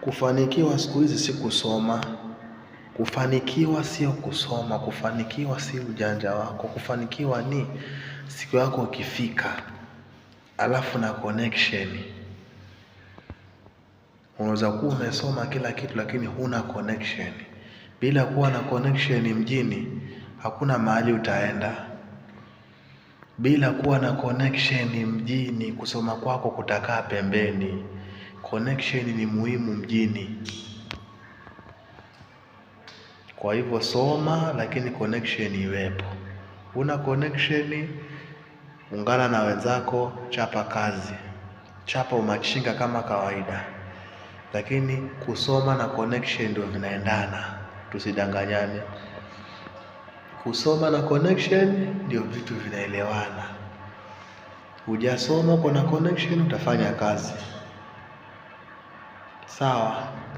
Kufanikiwa siku hizi si kusoma. Kufanikiwa sio kusoma, kufanikiwa si ujanja wako. Kufanikiwa ni siku yako ikifika, alafu na connection. Unaweza kuwa umesoma kila kitu, lakini huna connection. Bila kuwa na connection mjini, hakuna mahali utaenda. Bila kuwa na connection mjini, kusoma kwako kutakaa pembeni. Connection ni muhimu mjini, kwa hivyo soma, lakini connection iwepo. Una connection, ungana na wenzako, chapa kazi, chapa umachinga kama kawaida, lakini kusoma na connection ndio vinaendana, tusidanganyane. Kusoma na connection ndio vitu vinaelewana. Hujasoma, uko na connection, utafanya kazi 咋了？